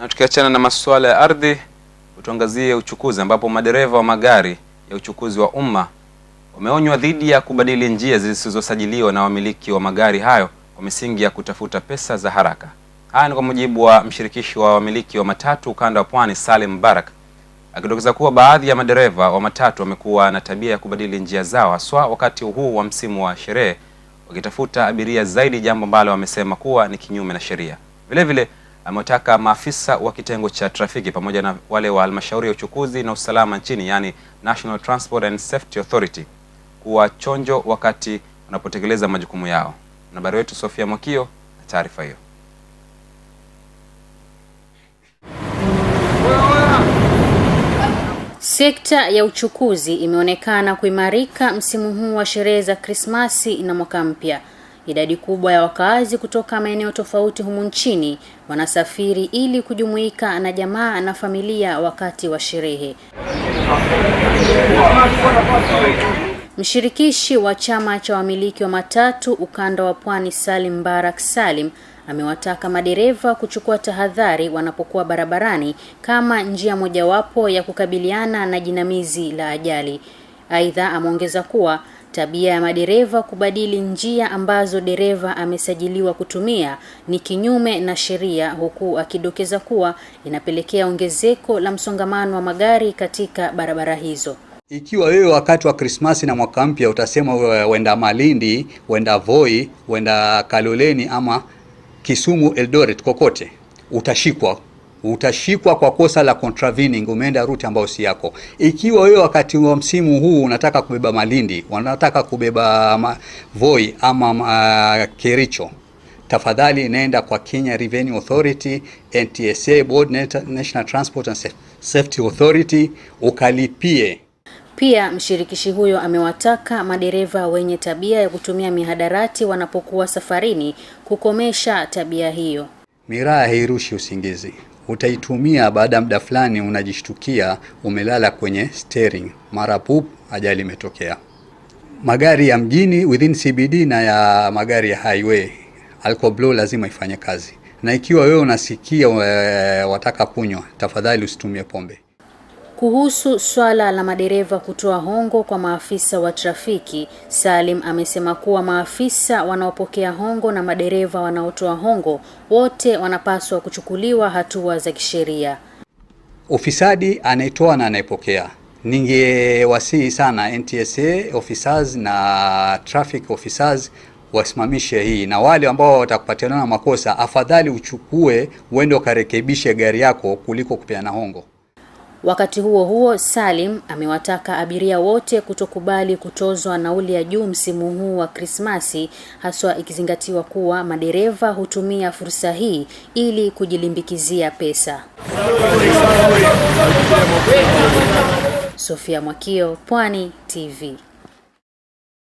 Na tukiachana na masuala ya ardhi, utuangazie uchukuzi, ambapo madereva wa magari ya uchukuzi wa umma wameonywa dhidi ya kubadili njia zisizosajiliwa na wamiliki wa magari hayo kwa misingi ya kutafuta pesa za haraka. Haya ni kwa mujibu wa mshirikishi wa wamiliki wa matatu ukanda wa Pwani, Salim Mbarak, akidokeza kuwa baadhi ya madereva wa matatu wamekuwa na tabia ya kubadili njia zao haswa wakati huu wa msimu wa sherehe, wakitafuta abiria zaidi, jambo ambalo wamesema kuwa ni kinyume na sheria. Vilevile amewataka maafisa wa kitengo cha trafiki pamoja na wale wa halmashauri ya uchukuzi na usalama nchini yani National Transport and Safety Authority kuwa chonjo wakati wanapotekeleza majukumu yao. Mwanahabari wetu Sofia Mwakio na taarifa hiyo. Sekta ya uchukuzi imeonekana kuimarika msimu huu wa sherehe za Krismasi na mwaka mpya. Idadi kubwa ya wakaazi kutoka maeneo tofauti humu nchini wanasafiri ili kujumuika na jamaa na familia wakati wa sherehe. Mshirikishi wa chama cha wamiliki wa matatu ukanda wa Pwani, Salim barak Salim, amewataka madereva kuchukua tahadhari wanapokuwa barabarani kama njia mojawapo ya kukabiliana na jinamizi la ajali. Aidha, ameongeza kuwa Tabia ya madereva kubadili njia ambazo dereva amesajiliwa kutumia ni kinyume na sheria, huku akidokeza kuwa inapelekea ongezeko la msongamano wa magari katika barabara hizo. Ikiwa wewe wakati wa Krismasi na mwaka mpya utasema wenda Malindi, wenda Voi, wenda Kaloleni ama Kisumu, Eldoret, kokote utashikwa utashikwa kwa kosa la contravening, umeenda route ambayo si yako. Ikiwa wewe wakati wa msimu huu unataka kubeba Malindi, wanataka kubeba ma, Voi ama ma, Kericho, tafadhali nenda kwa Kenya Revenue Authority, NTSA Board, National Transport and Safety Authority ukalipie. Pia mshirikishi huyo amewataka madereva wenye tabia ya kutumia mihadarati wanapokuwa safarini kukomesha tabia hiyo. Miraa hairushi usingizi utaitumia baada ya muda fulani, unajishtukia umelala kwenye steering, mara pup, ajali imetokea. Magari ya mjini within CBD na ya magari ya highway, alcohol blow lazima ifanye kazi, na ikiwa wewe unasikia eh, wataka kunywa, tafadhali usitumie pombe. Kuhusu swala la madereva kutoa hongo kwa maafisa wa trafiki, Salim amesema kuwa maafisa wanaopokea hongo na madereva wanaotoa hongo wote wanapaswa kuchukuliwa hatua za kisheria. Ufisadi anayetoa na anayepokea. Ningewasihi sana NTSA officers na traffic officers wasimamishe hii, na wale ambao watakupatiana na makosa, afadhali uchukue uende ukarekebishe gari yako kuliko kupeana hongo. Wakati huo huo, Salim amewataka abiria wote kutokubali kutozwa nauli ya juu msimu huu wa Krismasi, haswa ikizingatiwa kuwa madereva hutumia fursa hii ili kujilimbikizia pesa. Sofia Mwakio, Pwani TV.